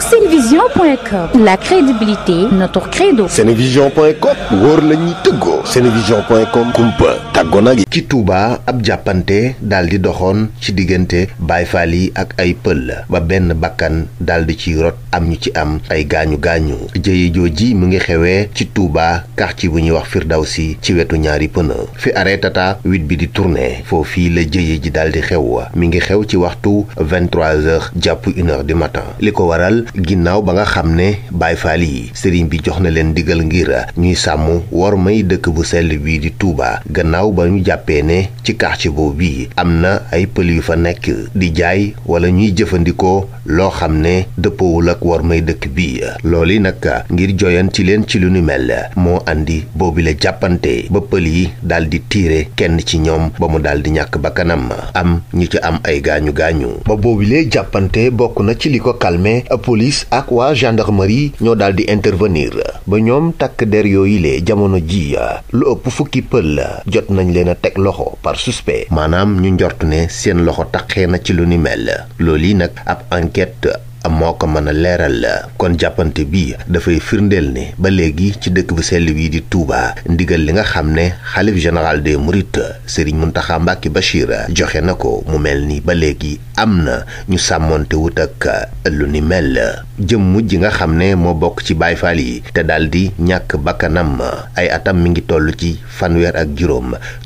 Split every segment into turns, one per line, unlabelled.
Cinevision.com, la crédibilité notre credo. Sénévision.com World la to go Cinevision.com, kumpa gona gi ci Touba ab jàppante daal di doxoon ci diggante Baay Faal yi ak ay pël la ba benn bakkan daal di ci rot am ñu ci am ay gaañu gaañu jëye jooji mu ngi xewee ci Touba quartier bu ñuy wax si ci wetu ñaari pëna fi arrêt tata huit bi di tourné foofii la jëye ji daal di xew mi ngi xew ci waxtu vingt-trois heures jàpp une matin li ko waral ginnaaw ba nga xam ne Baay Faal yi sëriñ bi jox na leen digal ngir ñuy sàmm war may dëkk bu sell bii di Touba gannaaw ba ñu jàppee ne ci quartier boobu bii am na ay pël yu fa nekk di jaay wala ñuy jëfandikoo loo xam ne dëppoowul ak war may dëkk bi looli nag ngir joyan ci leen ci lu nu mel moo indi boobu jàppante ba pël yi daal di tiire kenn ci ñoom ba mu daal di ñàkk bakkanam am ñu ci am ay gaañu gaañu ba boobu jàppante bokk na ci li ko calmer police ak waa gendarmerie ñoo daal di intervenir ba ñoom takk der yooyu le jamono ji lu ëpp fukki pël jot nañ nañ leen a teg loxo par suspect maanaam ñu njort ne seen loxo taqee na ci lu ni mel loolu yi nag ab enquête moo ko mën leral la kon jàppante bi fay firndel ne ba legui ci dekk bu sel wi di Touba ndigal li nga xamne de Murita, sering des Mourides Serigne Mountakha mbaki bashir joxe nako ko mu melni ba legui amna ñu samonté wut ak lu ni mel jëm mujj nga xamne mo bok ci Baye Fall yi te daldi ñak bakanam ay atam mi ngi tollu ci fanwer ak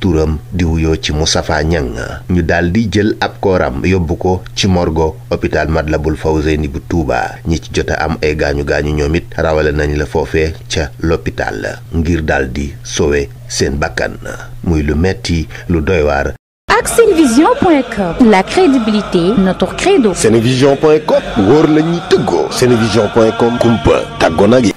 turam di wuyo ci Moustapha ñang ñu daldi di jël ab koram yobbu ko ci morgo hôpital Madlabul fawzeni bu Touba ñi ci jot a am ay gaañu gaañu ñoom it rawale nañ la foofe ca l'hôpital ngir daldi di seen bakkan muy lu metti lu doy waar. ak senevision.com la crédibilité notre credo. senevision.com wóor la ñuy tëggoo senevision.com kumpa tàggoo nag yi.